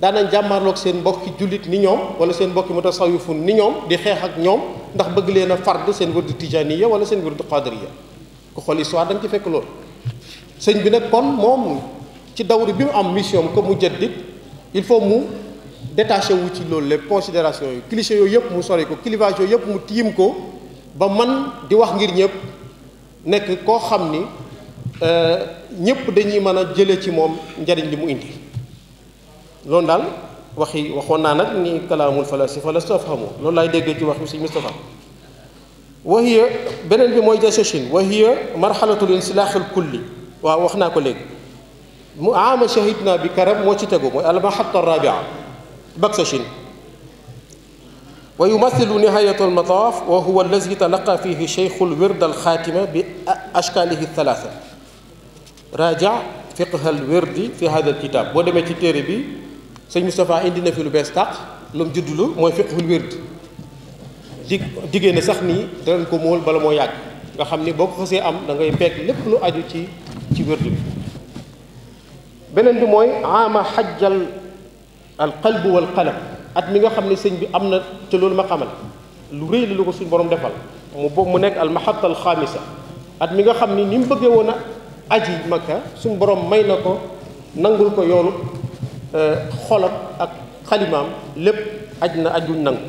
daanañ jàmmaarloog seen mbokki jullit ni ñoom wala seen mbokki mutasawifun ni ñoom di xeex ak ñoom ndax bëgg leen a fard seen wird tijaniya wala seen wird qadiriya ku xool histoire da nga ci fekk loolu sëñ bi nag kon moom ci dawri bi mu am mission comme mu jaddit il faut mu détaché wu ci loolu lépp considération yi cliché yooyu yëpp mu sori ko clivage yooyu yëpp mu tiim ko ba man di wax ngir ñëpp nekk koo xam ni Euh, ñëpp dañuy mën a jële ci moom njariñ li mu indi loolu daal waxi waxoon naa nag ni kalaamul falasifa la stafhamu loolu laay déggee ci waxu sëñ Mustapha wa hiya beneen bi mooy jasashin wa hiya marxalatul insilaaxil kulli waaw wax naa ko léegi mu ama shahidna bi karab moo ci tegu mooy almaxata rabia baksashin wa yumathilu nihayatu almataaf wa huwa allazi talaqa fihi cheikhul wird alxaatima bi ashkaalihi thalatha raja fiqhal wérdi fi hadal kitab boo demee ci téere bi sëñ Moustapha indi na fi lu bees tàq lu mu juddlu mooy fiqhul wérdi dig diggée sax nii danañ ko móol bala moo yàgg nga xam ni boo ko xasee am da ngay peeg lépp lu aju ci ci wérdi bi beneen bi mooy ama xajjal al qalb wal qalam at mi nga xam ne sëñ bi am na te loolu ma xamal lu rëy la lu ko suñ borom defal mu boobu mu nekk al mahatta al xaamisa at mi nga xam ni ni mu bëggee woon aji makka suñu boroom may na ko nangul ko yoonu euh, xolam ak xalimaam lépp aj na ajuñ nangu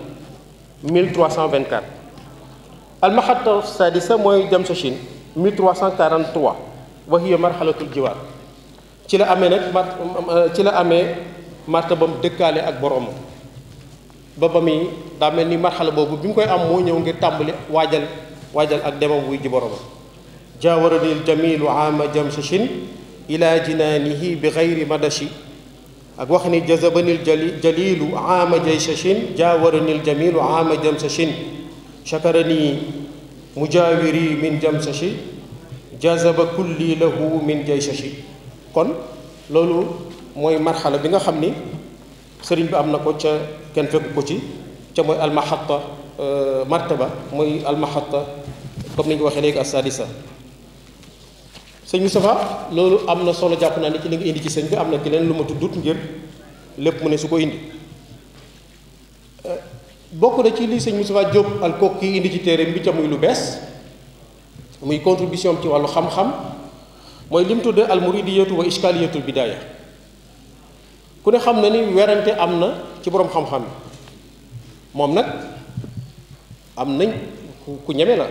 1324 almahatta sadisa mooy dem sa Chine 1343 wa hiya marxalatul jiwaar ci la amee nag mart euh, ci la amee marta ba mu dëkkaale ak boromam ba ba muy daa mel ni marxala boobu bi mu koy am moo ñëw ngir tàmbali waajal waajal ak demam wuy ji boromam jaawarani aljamilu ama jamsashin ila jinaanihi bi xayri madashi ak wax ni jazabani aljalilu ama jaysashin jaawarani aljamilu ama jamsashin shakarani mujaawiri min jamsashi jazaba kulli lahu min jaysashi kon loolu mooy marxala bi nga xam ni sëriñ bi am na ko ca kenn fekku ko ci ca mooy almaxata martaba mooy ni ñu ko sëñ Moustapha loolu am na solo jàpp naa ni ci li nga indi ci seen bi am na ci leen lu ma tuddut ngir lépp mu ne su ko indi euh, bokk na ci li sëñ Moustapha Diop al kook kii indi ci téere bi ca muy lu bees muy contribution ci wàllu xam-xam mooy lim tudde al muridiyatu wa iskaliyatul bidaya ku ne xam na ni werante am na ci boroom xam-xam yi moom nag am nañ ku ñeme la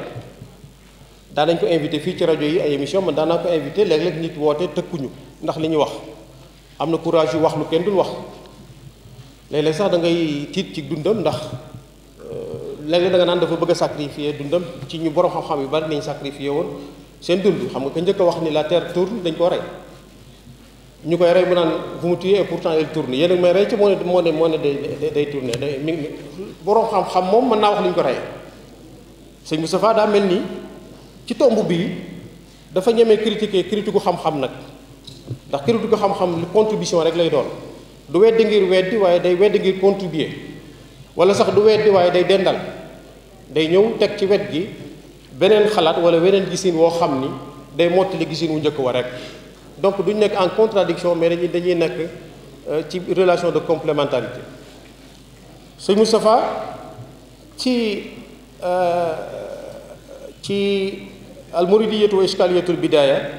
daanañ ko invité fii ci rajo yi ay émission man daanaa ko invité léeg-léeg nit woote tëkkuñu ndax li ñu wax am na courage yu wax lu kenn dul wax léeg-léeg sax da ngay tiit ci dundam ndax euh, léeg-léeg da nga naan dafa bëgg a sacrifier dundam ci ñu borom xam-xam yu bari nañ sacrifier woon seen dund xam nga ko njëkk wax ni la terre tourne dañ ko rey ñu koy rey mu naan vous me tuez et pourtant elle tourne yéen may rey ci moo ne moo ne moo ne day day tourne day mi borom naa wax li ñu ko rey nii ci tomb bii dafa ñeme critiquer critique xam-xam nag ndax critique xam-xam contribution rek lay doon du weddi ngir weddi waaye day weddi ngir contribuer wala sax du weddi waaye day dendal day ñëw teg ci wet gi beneen xalaat wala weneen gisin woo xam ni day mottali gisin wu njëkk wa rek donc duñ nekk en contradiction mais dañuy dañuy nekk euh, ci relation de complémentarité sëñ Moustapha ci euh, ci almuridiyatu wa iskaliyatul bidaaya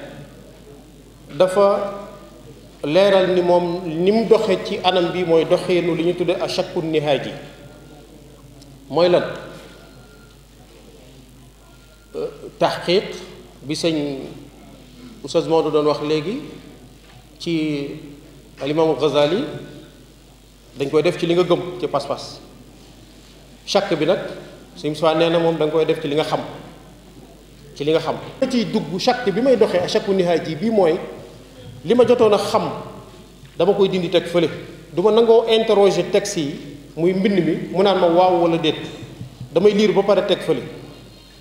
dafa leeral ni moom ni mu doxe ci anam bi mooy doxeenu li ñu tudde ashakku nihaaj yi mooy lan taxqiq bi sëñ Oustaz du doon wax léegi ci alimaamu Ghazali dañ koy def ci li nga gëm ci pas-pas shakk bi nag suñu soi nee na moom da koy def ci li nga xam ci li nga xam ci ciy dugg chaque bi may doxee chaque nihaay ji bii mooy li ma jotoon a xam dama koy dindi teg fële du ma nangoo interroger texte yi muy mbind mi mu naan ma waaw walla déet damay liir ba pare teg fële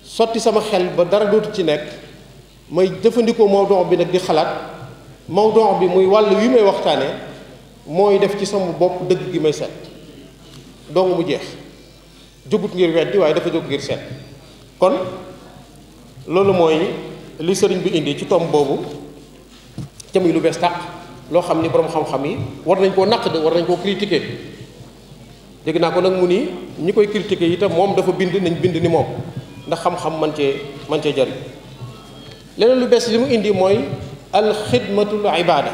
sotti sama xel ba dara dootu ci nekk may jëfandikoo mawdon bi nag di xalaat mawdon bi muy wàll wi may waxtaanee mooy def ci sama bopp dëgg gi may seet dong mu jeex jógut ngir weddi waaye dafa jóg ngir seet kon loolu mooy li sëriñ bi indi ci tomb boobu ca muy lu bees tàq loo xam ni boroom xam-xam yi war nañ koo naq de war nañ koo critiquer dégg naa ko nag mu ni ñi koy critiquer itam moom dafa bind nañ bind ni moom ndax xam-xam man cee man cee jariñ leneen lu bees li mu indi mooy alxidmatul ibada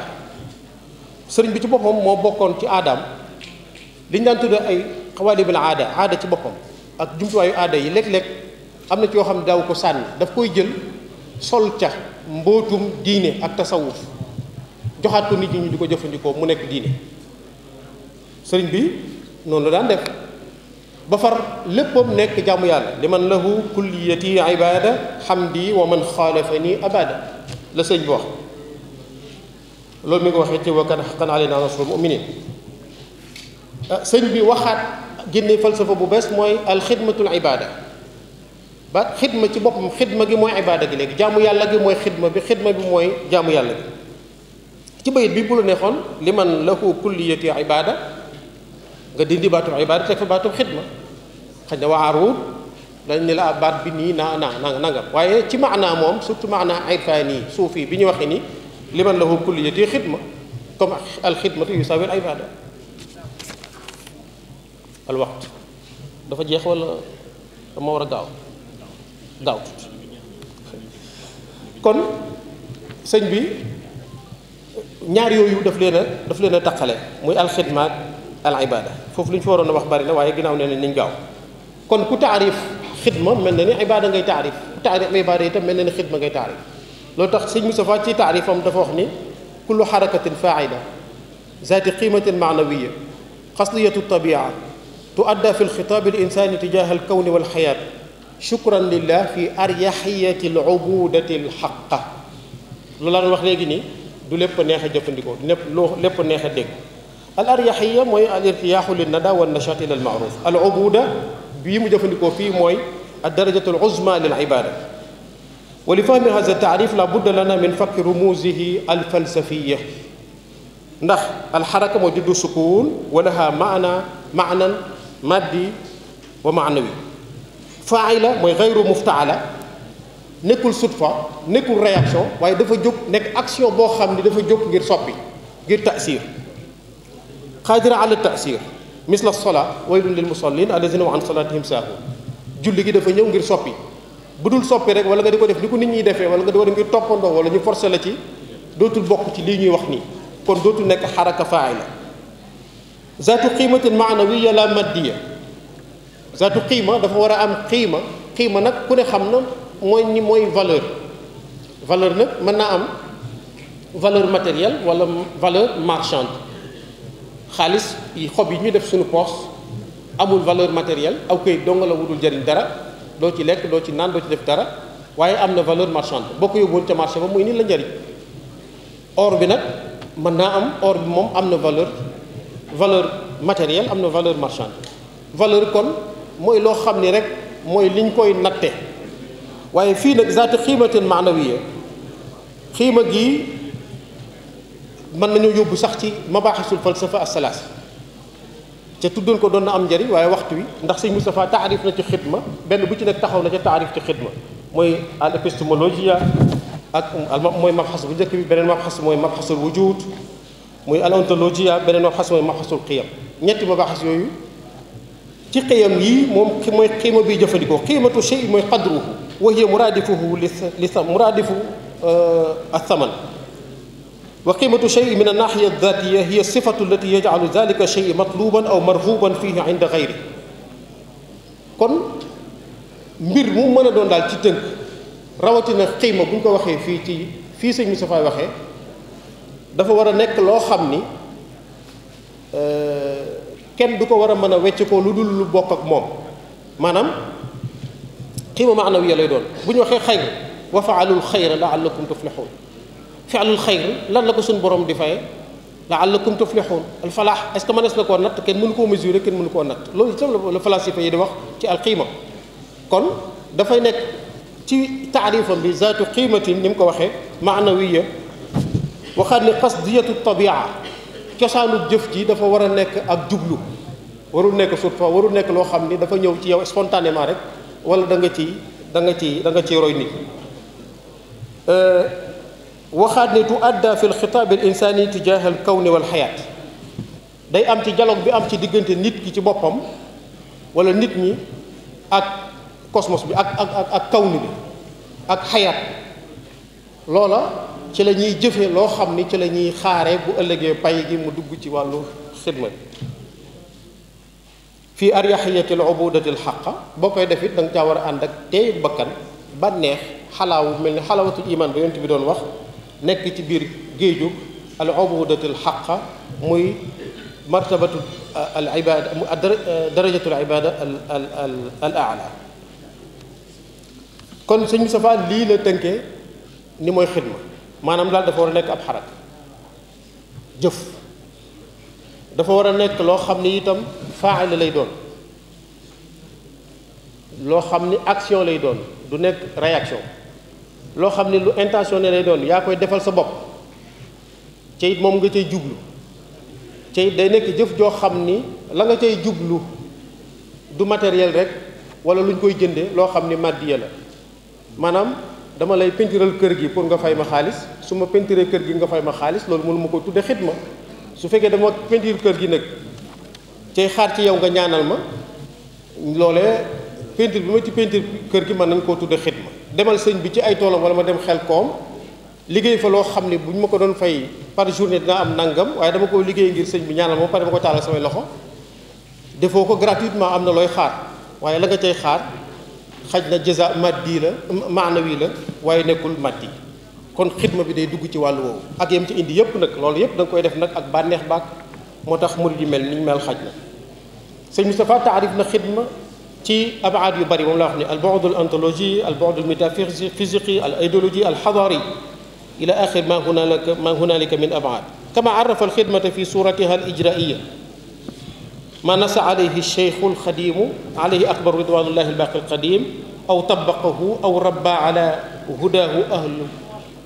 sëriñ bi ci boppam moo bokkoon ci aadaam liñ daan tudd ay xawaalibul aada aada ci boppam ak jumtuwaayu aada yi léeg lekk am na ci yoo xam ne daaw ko sànni daf koy jël sol ca mbootum diine ak tasawuf joxaat ko nit ñi di ko jëfandikoo mu nekk diine sëriñ bi noonu la daan def ba far léppam nekk jaamu yàlla li man lahu kulliyati ibada hamdi wa man xaalafani abada la sëriñ bi wax loolu mi ngi waxee ci wakan xaqan aleyna nasrul muminin ah, sëriñ bi waxaat génne falsafa bu bees mooy alxidmatul ibada ba xidma ci boppam xidma gi mooy ibaada gi léegi jaamu yàlla gi mooy xidma bi xidma bi mooy jaamu yàlla gi ci bayit bi bu la neexoon li man lahu kulliyati ibaada nga dindi baatu ibaada teg fa baatu xidma xaj na waaruut dañ ne la ah, baat bi nii naa naa na nangam waaye ci maanaa moom surtout maanaa irfaani suufi bi ñu waxee ni li man lahu kulliyati xidma comme alxidmatu yusawi al ibaada al waxtu dafa jeex wala dama war a gaaw gaaw kon sëñ bi ñaar yooyu daf leen a daf leen a taqale muy alxidma ak al ibada foofu li ñu fi waroon a wax bari na waaye ginnaaw nee nañ niñ gaaw kon ku taarif xidma mel na ni ngay taarif ku taarif ibada itam mel na ni xidma ngay taarif loo tax sëñ Moustapha ci taarifam dafa wax ni kullu xarakatin faaida zaati qimatin maanawiya xasliyatu tabia tuadda fi lxitaabi l insani tijaha al kawni wal shukran lillah fi aryaxiyati l ubudati l xaqa lu la wax léegi nii du lépp neex a jëfandikoo du lépp loo lépp neex a dégg al aryaxiya mooy al irtiyaaxu lin nada wa nachat ila al maaruf al ubuda bii mu jëfandikoo fii mooy ad darajatu al uzma lil ibada wa li fahmi haza taarif la budda lana min fakki rumuzihi al falsafiya ndax alxaraka moo juddu sukuun wa laha maana maanan maddi wa maanawi faayila mooy xayru muftaala nekkul sutfa nekkul réaction waaye dafa jóg nekk action boo xam ni dafa jóg ngir soppi ngir tasir xaadira ala tasir misla sola waylun lil musallin allazina wa an salatihim saahu julli gi dafa ñëw ngir soppi bu dul soppi rek wala nga di ko def ni ko nit ñiy defee wala nga di ko def ngir toppandoo wala ñu forcé la ci dootul bokk ci lii ñuy wax nii kon dootul nekk xaraka faayila zaatu qimatin maanawiya la maddiya zaatu xiima dafa war a am xiima xiima nag ku ne xam na mooy ni mooy valeur valeur nag mën naa am valeur matérielle wala valeur marchande xaalis yi xob yi ñu def suñu poos amul valeur matérielle aw kay donga la wutul jëriñ dara doo ci lekk doo ci naan doo ci def dara waaye am na valeur marchande boo ko yóbbuwoon ca marché ba muy ni la njëriñ or bi nag mën naa am or bi moom am na valeur valeur matérielle am na valeur marchande valeur kon mooy loo xam ni rek mooy liñ koy natte waaye fii nag zaati xiimatin maanawiya xiima gi mën nañoo yóbbu sax ci mabaaxisul falsafa asalaas ca tuddoon ko doon na am njari waaye waxtu wi ndax sëñ Moustapha taarif na ci xidma benn bu ci nekk taxaw na ca taarif ci xidma mooy al épistémologia ak mooy mabxas bu njëkk bi beneen mabxas mooy mabxasul wujud muy al ontologia beneen mabxas mooy mabxasul xiyam ñetti mabaaxas yooyu ci xiyam yi moom mooy xiima bi jëfandikoo xiimatu shay mooy qadruhu wa hiya muraadifuhu li li sa muraadifu euh, athaman wa qiimatu shay min annaaxiya addaatiya hiya sifatu allati yajcalu dalika shay matluban aw marhuban fihi inda gayri kon mbir mu mën a doon daal ci tënk rawatina xiima bu ñu ko waxee fii ci fii sëñ Moustapha waxee dafa war a nekk loo xam ni euh, kenn du ko war a mën a wecc ko lu dul lu bokk ak moom maanaam xiima maanawiya lay doon bu ñu waxee xayr wa faalul xayra laallakum tuflixuun faalul xayr lan la ko suñ borom di faye laallakum tuflixuun al falaax est ce que mënees na koo natt kenn mënu koo mesurer kenn mënu koo natt loolu itam la falasifa yi di wax ci al xiima kon dafay nekk ci taarifam bi zaatu qiimatin ni mu ko waxee maanawiya waxaat ne qasdiyatu tabia cosaanu jëf ji dafa war a nekk ak jublu warul nekk surfa warul nekk loo xam ni dafa ñëw ci yow spontanément rek wala danga ci danga ci da nga ciy roy nit euh, waxaat ne tu adda fi lxitaab al insani tijaha al xayaat day am ci dialogue bi am ci diggante nit ki ci boppam wala nit ñi ak cosmos bi ak ak ak kawni bi ak xayaat loola ci la ñuy jëfe loo xam ni ci la ñuy xaare bu ëllëgee pay gi mu dugg ci wàllu xidma fii aryaxiyatil ubudatil xaqa boo koy def it da nga caa war a ànd ak teey bakkan bànneex xalaawu mel ni xalaawatul iman ba yonent bi doon wax nekk ci biir géeju al ubudatil xaqa muy martabatu uh, al ibada uh, uh, darajatul ibada al al ala kon sëñ bi safaa lii la tënkee ni mooy xidma maanaam daal dafa war a nekk ab xarak jëf dafa war a nekk loo xam ni itam faala lay doon loo xam ni action lay doon du nekk réaction loo xam ni lu intentionné lay doon yaa koy defal sa bopp ca it moom nga cay jublu ca it day nekk jëf joo xam ni la nga cay jublu du matériel rek wala lu ñu koy jënde loo xam ni màddiya la maanaam dama lay pentiral kër gi pour nga fay ma xaalis su ma pentiree kër gi nga fay ma xaalis loolu mënu ma ko tudde xidma su fekkee dama pentir kër gi nag cay xaar ci yow nga ñaanal ma loolee pentir bi ma ci pentir kër gi mën nañ koo tudde xidma demal sëñ bi ci ay toolam wala ma dem xel koom liggéey fa loo xam ne bu ñu ma ko doon fay par journée dinaa am nangam waaye dama ko liggéey ngir sëñ bi ñaanal ma pare ma ko taalal samay loxo defoo ko gratuitement am na looy xaar waaye la nga xaar xaj na jaza maddi la maanawi la waaye nekkul maddi kon xidma bi day dugg ci wàllu woowu ak yam ci indi yëpp nag loolu yëpp da koy def nag ak bànneex baak moo tax murid yu mel ni ñu mel xaj na sëñ Moustapha taarif na xidma ci abaad yu bari moom laa wax ne al bu'dul ontologie al bu'dul métaphysique al idéologie al xadaari ila axir ma hunalika ma hunalika min abaad kama arafa al xidmata fi suratiha al ijraiya ma nasa alayhi cheikhul xadimu alayhi akbar ridwanullahi albaqi alqadim aw tabaqahu aw rabba ala hudaahu ahlu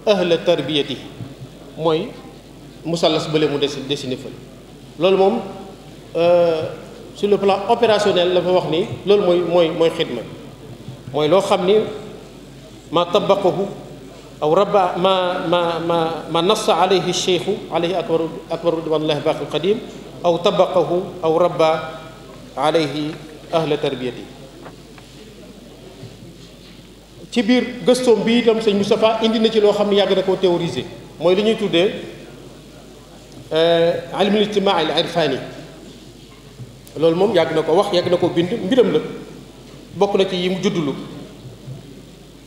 ahla tarbiyati mooy musallas bële mu des dessiné fël loolu moom euh, sur le plan opérationnel dafa wax ni loolu mooy mooy mooy xidma mooy loo xam ni ma tabaqahu aw rabba ma ma ma ma nasa alayhi cheikhu alayhi akbar akbar ridwanullahi albaqi alqadim aw tabaqahu aw rabba alayhi ahla tarbiyati ci biir gëstoom bi itam sëñ Moustapha indi na ci loo xam ne yàgg na koo théoriser mooy li ñuy tuddee euh, ilmul ijtimaa al irfani loolu moom yàgg na ko wax yàgg na ko bind mbiram la bokk na ci yi mu juddulu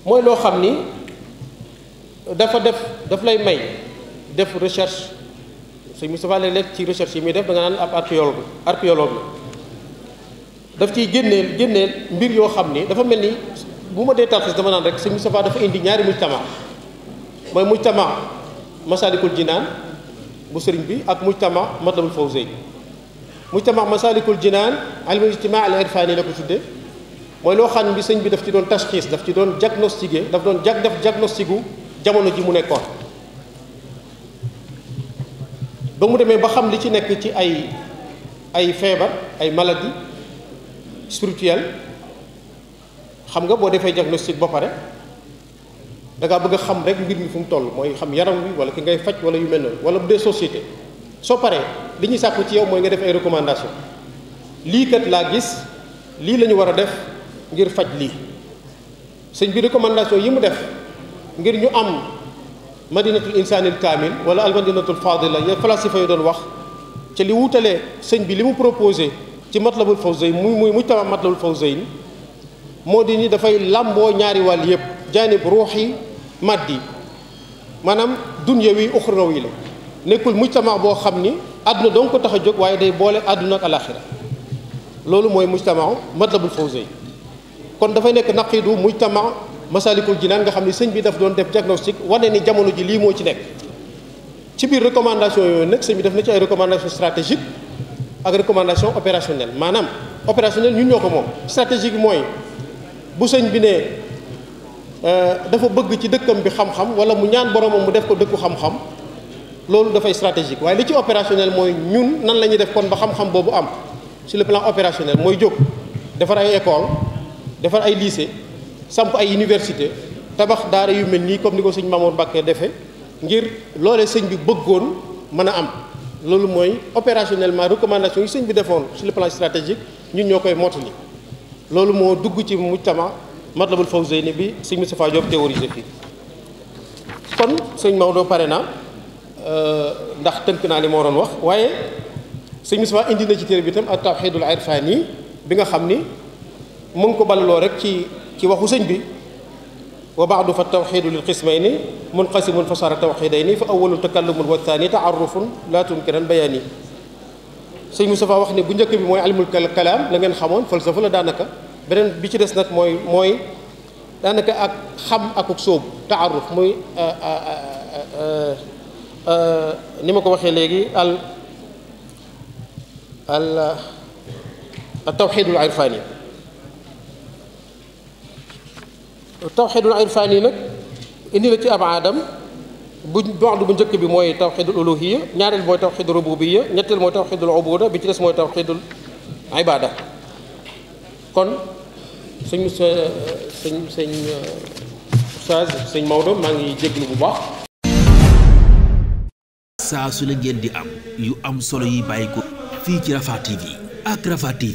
mooy loo xam ni dafa def daf lay may def recherche sëñ Moustapha léeg-léeg ci recherche yi muy def da nga naan ab archéologue archéologue la daf ciy génneel génneel mbir yoo xam ni dafa mel ni bu ma dee tarxis dama naan rek sëñ dafa indi ñaari mujtama mooy mujtama Masalikul Jinaan bu sëriñ bi ak mujtama Matlabul Fawzey mujtama Masalikul Jinaan almul ijtimaa al irfaani la ko tudde mooy loo xam ne bi bi daf ci doon tashxiis daf ci doon diagnostiqué daf doon jag def diagnostiqué jamono ji mu nekkoon ba mu demee ba xam li ci nekk ci ay ay feebar ay maladie spirituelle xam nga boo defee diagnostic ba pare da bëgg xam rek mbir mi fu mu toll mooy xam yaram wi wala ki ngay faj wala yu mel noonu wala bu dee société soo paree li ñuy sàkku ci yow mooy nga def ay recommandation lii kat laa gis lii lañu war a def ngir faj lii sëñ bi recommandation yi mu def ngir ñu am madinatul insaanil kaamil wala almadinatul fadila ya falasifa yi doon wax ci li wutalee sëñ bi li mu proposé ci matlabul fawzayn muy muy muy tamaam matlabul fawzayn moo di ni dafay làmboo ñaari wàll yëpp jaanib ruuxi maddi maanaam dunya wi uxrawi la nekkul mujtama boo xam ni àdduna dong ko tax a jóg waaye day boole àdduna ak loolu mooy mujtama matlabul fawzayn kon dafay nekk naqidu mujtama masalikul jinaan nga xam ne sëñ bi daf doon def diagnostic wane ni jamono ji lii moo ci nekk ci biir recommandation yooyu nag sëñ bi def na ci ay recommandation stratégique ak recommandation opérationnelle maanaam opérationnelle ñun ñoo ko moom stratégique mooy bu sëñ bi ne euh, dafa bëgg ci dëkkam bi xam-xam wala mu ñaan boromam mu def ko dëkku xam-xam loolu dafay stratégique waaye li ci opérationnel mooy ñun nan la ñuy def kon ba xam-xam boobu am sur le plan opérationnel mooy jóg defar ay école ay lycée samp ay université tabax daara yu mel nii comme ni ko sëñ Mamour Mbacké defee ngir loole sëñ bi bëggoon mën a am loolu mooy opérationnellement recommandation yi sëñ bi defoon sur le plan stratégique ñun ñoo koy mottali loolu moo dugg ci mujtama Matlabul Fawzayni bi sëñ Moustapha Diop théorisé fii kon sëñ Maodo pare na euh, ndax tënk naa li moo doon wax waaye sëñ Moustapha indi na ci téere bi tam ak itam at tawhidul nii bi nga xam ni mu ngi ko ballaloo rek ci ci waxu sëñ bi wa baadu fa tawxidu lil qismayni munqasimun fa sara tawxidayni fa awalu takallumun wa thani taarufun la tunkiran bayaani sëñ Moustapha wax ne bu njëkk bi mooy alimul kalaam la ngeen xamoon falsafa la daanaka beneen bi ci des nag mooy mooy daanaka ak xam akuk sóobu taaruf muy euh, euh, euh, ni ma ko waxee léegi al al tawxidul irfaani tawxidul irfani nag indi la ci ab aadam bu baax bu njëkk bi mooy tawxidul uluhiya ñaareel mooy tawxidul rububiya ñetteel mooy tawxidul ubuda bi ci des mooy tawxidul ibada kon sëñ sëñ sëñ oustaz sëñ Maodo maa ngi jéglu bu baax saa su di am yu am solo yi bàyyi fii ci Rafah TV ak Rafah